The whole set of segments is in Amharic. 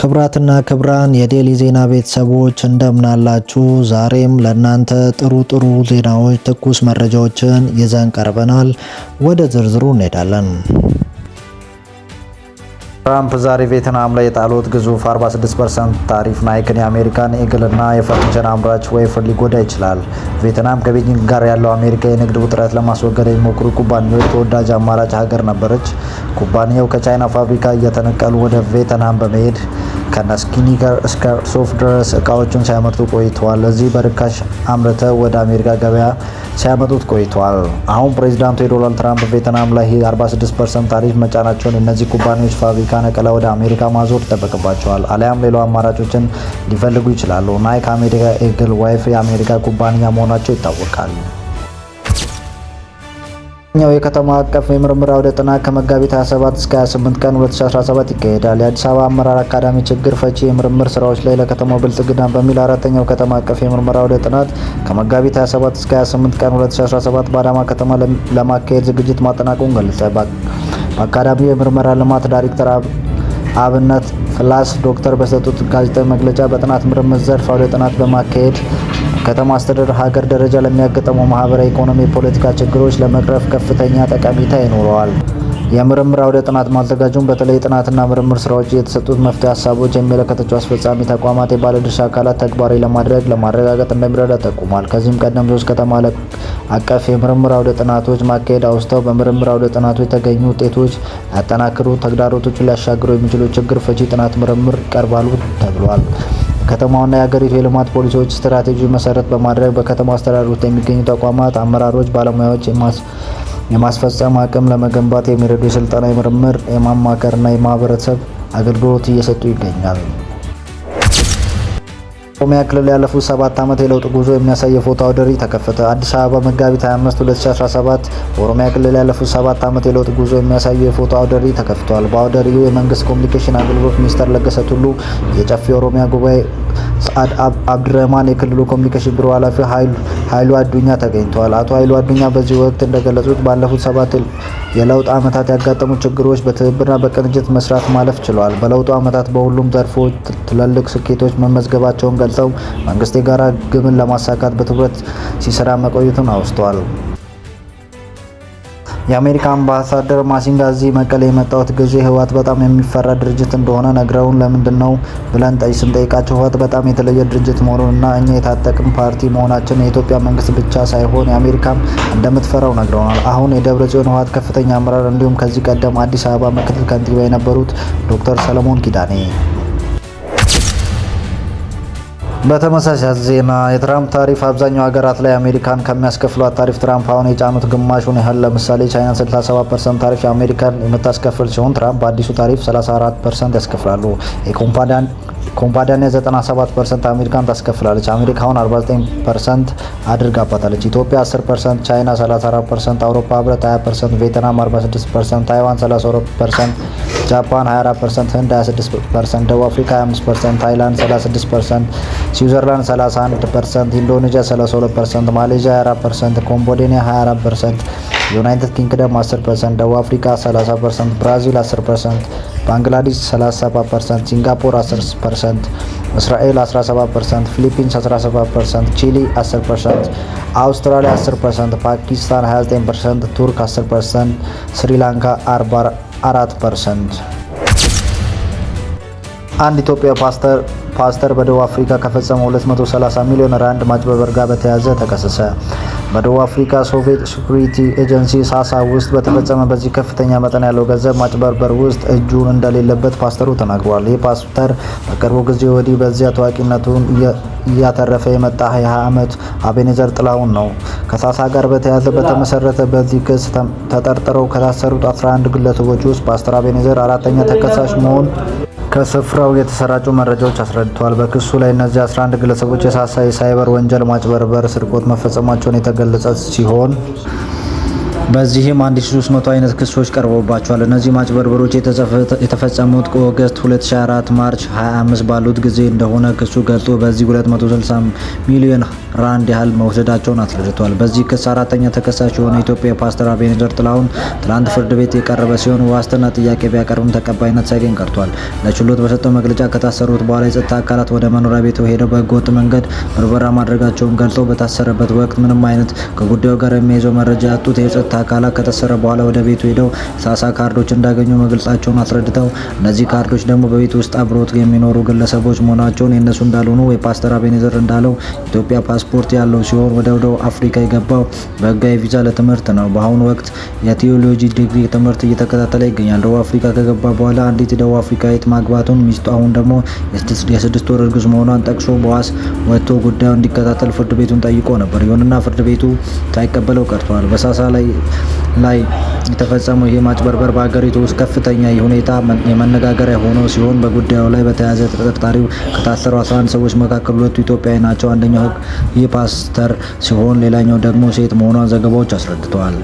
ክብራትና ክብራን የዴሊ ዜና ቤተሰቦች እንደምናላችሁ፣ ዛሬም ለእናንተ ጥሩ ጥሩ ዜናዎች፣ ትኩስ መረጃዎችን ይዘን ቀርበናል። ወደ ዝርዝሩ እንሄዳለን። ትራምፕ ዛሬ ቬትናም ላይ የጣሉት ግዙፍ 46% ታሪፍ ናይክን የአሜሪካን ኤግልና የፈርኒቸር አምራች ወይፍር ሊጎዳ ይችላል። ቬትናም ከቤጂንግ ጋር ያለው አሜሪካ የንግድ ውጥረት ለማስወገድ የሚሞክሩ ኩባንያዎች ተወዳጅ አማራጭ ሀገር ነበረች። ኩባንያው ከቻይና ፋብሪካ እየተነቀሉ ወደ ቬትናም በመሄድ ከነስኪኒገር እስከ ሶፍ ድረስ እቃዎችን ሲያመርቱ ቆይተዋል። እዚህ በርካሽ አምርተው ወደ አሜሪካ ገበያ ሲያመጡት ቆይተዋል። አሁን ፕሬዚዳንቱ የዶናልድ ትራምፕ ቬትናም ላይ 46 ፐርሰንት ታሪፍ መጫናቸውን እነዚህ ኩባንያዎች ፋብሪካ ነቀላ ወደ አሜሪካ ማዞር ይጠበቅባቸዋል። አሊያም ሌሎ አማራጮችን ሊፈልጉ ይችላሉ። ናይክ አሜሪካ ኤግል ዋይፍ የአሜሪካ ኩባንያ መሆናቸው ይታወቃል። ኛው የከተማ አቀፍ የምርምር አውደ ጥናት ከመጋቢት 27 እስከ 28 ቀን 2017 ይካሄዳል። የአዲስ አበባ አመራር አካዳሚ ችግር ፈቺ የምርምር ስራዎች ላይ ለከተማው ብልጽግና በሚል አራተኛው ከተማ አቀፍ የምርምር አውደ ጥናት ከመጋቢት 27 እስከ 28 ቀን 2017 በአዳማ ከተማ ለማካሄድ ዝግጅት ማጠናቀቁን ገልጸ። በአካዳሚው የምርመራ ልማት ዳይሬክተር አብነት ፍላስ ዶክተር በሰጡት ጋዜጣዊ መግለጫ በጥናት ምርምር ዘርፍ አውደ ጥናት በማካሄድ ከተማ አስተዳደር ሀገር ደረጃ ለሚያገጠሙ ማህበራዊ፣ ኢኮኖሚ፣ ፖለቲካ ችግሮች ለመቅረፍ ከፍተኛ ጠቀሜታ ይኖረዋል። የምርምር አውደ ጥናት ማዘጋጁን በተለይ የጥናትና ምርምር ስራዎች የተሰጡት መፍትሄ ሀሳቦች የሚመለከታቸው አስፈጻሚ ተቋማት፣ የባለድርሻ አካላት ተግባራዊ ለማድረግ ለማረጋገጥ እንደሚረዳ ጠቁሟል። ከዚህም ቀደም ሶስት ከተማ አቀፍ የምርምር አውደ ጥናቶች ማካሄድ አውስተው በምርምር አውደ ጥናቶች የተገኙ ውጤቶች ያጠናክሩ፣ ተግዳሮቶቹን ሊያሻግሩ የሚችሉ ችግር ፈቺ ጥናት ምርምር ይቀርባሉ ተብሏል። ከተማውና የሀገሪቱ የልማት ፖሊሲዎች ስትራቴጂ መሰረት በማድረግ በከተማ አስተዳደር ውስጥ የሚገኙ ተቋማት አመራሮች፣ ባለሙያዎች የማስፈጸም አቅም ለመገንባት የሚረዱ የስልጠና፣ የምርምር፣ የማማከርና የማህበረሰብ አገልግሎት እየሰጡ ይገኛል። ኦሮሚያ ክልል ያለፉት ሰባት ዓመት የለውጥ ጉዞ የሚያሳይ የፎቶ አውደ ርዕይ ተከፈተ። አዲስ አበባ መጋቢት 25 2017 በኦሮሚያ ክልል ያለፉት ሰባት ዓመት የለውጥ ጉዞ የሚያሳይ የፎቶ አውደ ርዕይ ተከፍተዋል። በአውደ ርዕዩ የመንግስት ኮሚኒኬሽን አገልግሎት ሚኒስተር ለገሰ ቱሉ፣ የጨፌ ኦሮሚያ ጉባኤ ሰዓድ አብድረህማን፣ የክልሉ ኮሚኒኬሽን ቢሮ ኃላፊ ኃይሉ አዱኛ ተገኝተዋል። አቶ ኃይሉ አዱኛ በዚህ ወቅት እንደገለጹት ባለፉት ሰባት የለውጥ ዓመታት ያጋጠሙ ችግሮች በትብብርና በቅንጅት መስራት ማለፍ ችለዋል። በለውጡ ዓመታት በሁሉም ዘርፎች ትላልቅ ስኬቶች መመዝገባቸውን ገልጸው መንግስት የጋራ ግብን ለማሳካት በትኩረት ሲሰራ መቆየቱን አውስተዋል። የአሜሪካ አምባሳደር ማሲንጋ እዚህ መቀሌ የመጣሁት ጊዜ ህወሓት በጣም የሚፈራ ድርጅት እንደሆነ ነግረውን ለምንድን ነው ብለን ስንጠይቃቸው ህወሓት በጣም የተለየ ድርጅት መሆኑን እና እኛ የታጠቅም ፓርቲ መሆናችን የኢትዮጵያ መንግስት ብቻ ሳይሆን የአሜሪካም እንደምትፈራው ነግረውናል። አሁን የደብረ ጽዮን ህወሓት ከፍተኛ አመራር እንዲሁም ከዚህ ቀደም አዲስ አበባ ምክትል ከንቲባ የነበሩት ዶክተር ሰለሞን ኪዳኔ በተመሳሳይ ዜና የትራምፕ ታሪፍ አብዛኛው ሀገራት ላይ አሜሪካን ከሚያስከፍሏት ታሪፍ ትራምፕ አሁን የጫኑት ግማሹን ያህል ለምሳሌ ቻይና 67 ፐርሰንት ታሪፍ የአሜሪካን የምታስከፍል ሲሆን ትራምፕ በአዲሱ ታሪፍ 34 ፐርሰንት ያስከፍላሉ። የኮምፓኒያን ኮምፓኒያ 97 ፐርሰንት አሜሪካን ታስከፍላለች። አሜሪካውን 49 ፐርሰንት አድርጋባታለች። ኢትዮጵያ 10 ፐርሰንት፣ ቻይና 34 ፐርሰንት፣ አውሮፓ ህብረት 20 ፐርሰንት፣ ቬትናም 46 ፐርሰንት፣ ታይዋን 32 ፐርሰንት፣ ጃፓን 24 ፐርሰንት፣ ህንድ 26 ፐርሰንት፣ ደቡብ አፍሪካ 25 ፐርሰንት፣ ታይላንድ 36 ፐርሰንት፣ ስዊዘርላንድ 31 ፐርሰንት፣ ኢንዶኔዥያ 32 ፐርሰንት፣ ማሌዥያ 24 ፐርሰንት፣ ኮምቦዴኒያ 24 ፐርሰንት ዩናይትድ ኪንግደም 10%፣ ደቡብ አፍሪካ 30%፣ ብራዚል 10%፣ ባንግላዴሽ 37%፣ ሲንጋፖር 10%፣ እስራኤል 17%፣ ፊሊፒንስ 17%፣ ቺሊ 10%፣ አውስትራሊያ 10%፣ ፓኪስታን 29%፣ ቱርክ 10%፣ ስሪላንካ 44%። አንድ ኢትዮጵያ ፓስተር ፓስተር በደቡብ አፍሪካ ከፈጸመው 230 ሚሊዮን ራንድ ማጭበርበር ጋር በተያያዘ ተከሰሰ። በደቡብ አፍሪካ ሶቪየት ሴኩሪቲ ኤጀንሲ ሳሳ ውስጥ በተፈጸመ በዚህ ከፍተኛ መጠን ያለው ገንዘብ ማጭበርበር ውስጥ እጁ እንደሌለበት ፓስተሩ ተናግሯል። ይህ ፓስተር በቅርቡ ጊዜ ወዲህ በዚያ ታዋቂነቱን እያተረፈ የመጣ የ20 ዓመት አቤኔዘር ጥላሁን ነው። ከሳሳ ጋር በተያያዘ በተመሰረተ በዚህ ክስ ተጠርጥረው ከታሰሩት 11 ግለሰቦች ውስጥ ፓስተር አቤኔዘር አራተኛ ተከሳሽ መሆን ከስፍራው የተሰራጩ መረጃዎች አስረድተዋል። በክሱ ላይ እነዚህ 11 ግለሰቦች የሳሳይ የሳይበር ወንጀል፣ ማጭበርበር፣ ስርቆት መፈጸማቸውን የተገለጸ ሲሆን በዚህም 1300 አይነት ክሶች ቀርቦባቸዋል። እነዚህ ማጭበርበሮች የተፈጸሙት ኦገስት 2024 ማርች 25 ባሉት ጊዜ እንደሆነ ክሱ ገልጾ በዚህ 260 ሚሊዮን ራንድ ያህል መውሰዳቸውን አስረድቷል። በዚህ ክስ አራተኛ ተከሳሽ የሆነ ኢትዮጵያ ፓስተር አቤኔዘር ጥላሁን ትላንት ፍርድ ቤት የቀረበ ሲሆን ዋስትና ጥያቄ ቢያቀርብም ተቀባይነት ሳይገኝ ቀርቷል። ለችሎት በሰጠው መግለጫ ከታሰሩት በኋላ የጸጥታ አካላት ወደ መኖሪያ ቤቱ ሄደው በህገወጥ መንገድ ምርመራ ማድረጋቸውን ገልጾ በታሰረበት ወቅት ምንም አይነት ከጉዳዩ ጋር የሚያይዘው መረጃ ያጡት የጸጥታ አካላት ከተሰረ በኋላ ወደ ቤቱ ሄደው ሳሳ ካርዶች እንዳገኙ መግለጻቸውን አስረድተው እነዚህ ካርዶች ደግሞ በቤት ውስጥ አብሮት የሚኖሩ ግለሰቦች መሆናቸውን የእነሱ እንዳልሆኑ የፓስተር አቤኔዘር እንዳለው ኢትዮጵያ ፓስፖርት ያለው ሲሆን ወደ ወደ አፍሪካ የገባው በህጋዊ ቪዛ ለትምህርት ነው። በአሁኑ ወቅት የቴዎሎጂ ዲግሪ ትምህርት እየተከታተለ ይገኛል። ደቡብ አፍሪካ ከገባ በኋላ አንዲት ደቡብ አፍሪካዊት ማግባቱን ሚስቱ አሁን ደግሞ የስድስት ወር እርጉዝ መሆኗን ጠቅሶ በዋስ ወጥቶ ጉዳዩ እንዲከታተል ፍርድ ቤቱን ጠይቆ ነበር። ይሁንና ፍርድ ቤቱ ሳይቀበለው ቀርቷል። በሳሳ ላይ ላይ የተፈጸመው ይህ ማጭበርበር በሀገሪቱ ውስጥ ከፍተኛ ሁኔታ የመነጋገሪያ ሆኖ ሲሆን በጉዳዩ ላይ በተያያዘ ተጠርጣሪው ከታሰሩ 11 ሰዎች መካከል ሁለቱ ኢትዮጵያዊ ናቸው። አንደኛው ይህ ፓስተር ሲሆን ሌላኛው ደግሞ ሴት መሆኗን ዘገባዎች አስረድተዋል።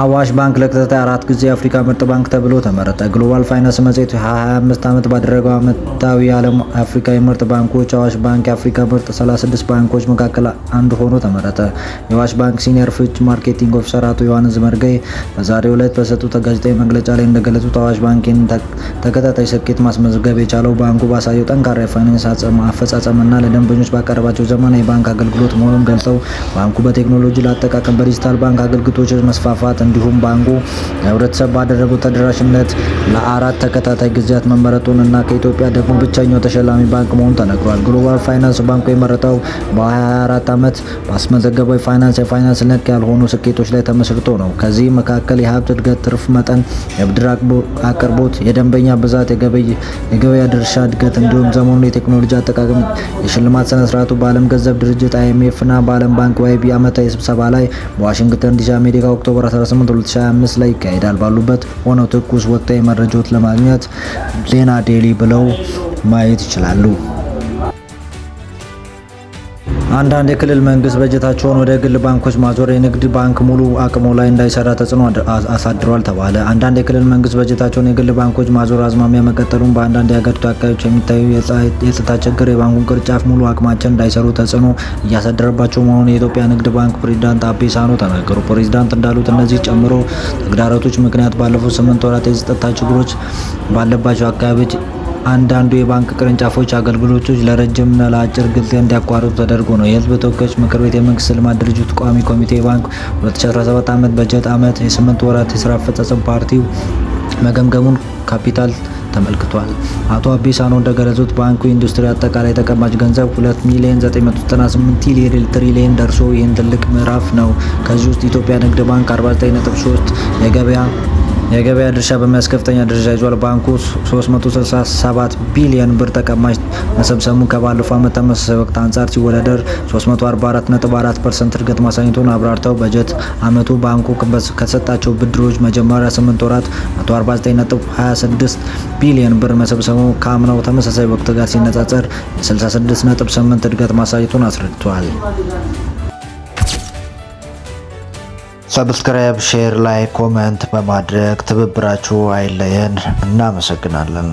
አዋሽ ባንክ ለተከታታይ አራት ጊዜ የአፍሪካ ምርጥ ባንክ ተብሎ ተመረጠ። ግሎባል ፋይናንስ መጽሔት 25 ዓመት ባደረገው ዓመታዊ የዓለም አፍሪካ የምርጥ ባንኮች አዋሽ ባንክ የአፍሪካ ምርጥ 36 ባንኮች መካከል አንዱ ሆኖ ተመረጠ። የአዋሽ ባንክ ሲኒየር ፍች ማርኬቲንግ ኦፊሰር አቶ ዮሐንስ መርገይ በዛሬው ዕለት በሰጡት ጋዜጣዊ መግለጫ ላይ እንደገለጹት አዋሽ ባንክን ተከታታይ ስኬት ማስመዝገብ የቻለው ባንኩ ባሳየው ጠንካራ የፋይናንስ አፈጻጸምና ለደንበኞች ባቀረባቸው ዘመናዊ የባንክ አገልግሎት መሆኑን ገልጸው ባንኩ በቴክኖሎጂ ለአጠቃቀም በዲጂታል ባንክ አገልግሎቶች መስፋፋት እንዲሁም ባንኩ ህብረተሰብ ባደረገው ተደራሽነት ለአራት ተከታታይ ጊዜያት መመረጡን እና ከኢትዮጵያ ደግሞ ብቸኛው ተሸላሚ ባንክ መሆኑ ተነግሯል። ግሎባል ፋይናንስ ባንኩ የመረጠው በ24 ዓመት ባስመዘገበው የፋይናንስ የፋይናንስ ነክ ያልሆኑ ስኬቶች ላይ ተመስርቶ ነው። ከዚህ መካከል የሀብት እድገት፣ ትርፍ መጠን፣ የብድር አቅርቦት፣ የደንበኛ ብዛት፣ የገበያ ድርሻ እድገት እንዲሁም ዘመኑን የቴክኖሎጂ አጠቃቀም። የሽልማት ስነስርዓቱ በዓለም ገንዘብ ድርጅት አይኤምኤፍ እና በዓለም ባንክ ዋይቢ ዓመታዊ ስብሰባ ላይ በዋሽንግተን ዲሲ አሜሪካ ኦክቶበር 18 2025 ላይ ይካሄዳል ባሉበት ሆነው ትኩስ ወቅታዊ መረጃዎች ለማግኘት ዜና ዴሊ ብለው ማየት ይችላሉ። አንዳንድ የክልል መንግስት በጀታቸውን ወደ ግል ባንኮች ማዞር የንግድ ባንክ ሙሉ አቅሙ ላይ እንዳይሰራ ተጽዕኖ አሳድሯል ተባለ። አንዳንድ የክልል መንግስት በጀታቸውን የግል ባንኮች ማዞር አዝማሚያ መቀጠሉን በአንዳንድ የሀገሪቱ አካባቢዎች የሚታዩ የጸጥታ ችግር የባንኩን ቅርንጫፍ ሙሉ አቅማቸውን እንዳይሰሩ ተጽዕኖ እያሳደረባቸው መሆኑን የኢትዮጵያ ንግድ ባንክ ፕሬዚዳንት አቤ ሳኖ ተናገሩ። ፕሬዚዳንት እንዳሉት እነዚህ ጨምሮ ተግዳሮቶች ምክንያት ባለፉት ስምንት ወራት የጸጥታ ችግሮች ባለባቸው አካባቢዎች አንዳንዱ የባንክ ቅርንጫፎች አገልግሎቶች ለረጅምና ለአጭር ጊዜ እንዲያቋርጡ ተደርጎ ነው። የህዝብ ተወካዮች ምክር ቤት የመንግስት ልማት ድርጅት ቋሚ ኮሚቴ ባንክ 2017 ዓመት በጀት ዓመት የስምንት ወራት የስራ አፈጻጸም ፓርቲው መገምገሙን ካፒታል ተመልክቷል። አቶ አቤ እንደገለጹት ባንኩ ኢንዱስትሪ አጠቃላይ ተቀማጭ ገንዘብ 2 ሚሊዮን 998 ትሪሊየን ደርሶ ይህን ትልቅ ምዕራፍ ነው። ከዚህ ውስጥ ኢትዮጵያ ንግድ ባንክ 49.3 የገበያ የገበያ ድርሻ በሚያስከፍተኛ ደረጃ ይዟል። ባንኩ 367 ቢሊዮን ብር ተቀማጭ መሰብሰቡን ከባለፈው ዓመት ተመሳሳይ ወቅት አንጻር ሲወዳደር 344.4 ፐርሰንት እድገት ማሳኘቱን አብራርተው በጀት ዓመቱ ባንኩ ከሰጣቸው ብድሮች መጀመሪያ 8 ወራት 149.26 ቢሊዮን ብር መሰብሰቡ ከአምናው ተመሳሳይ ወቅት ጋር ሲነጻጸር የ66.8 እድገት ማሳየቱን አስረድቷል። ሰብስክራይብ፣ ሼር ላይ ኮመንት በማድረግ ትብብራችሁ አይለየን። እናመሰግናለን።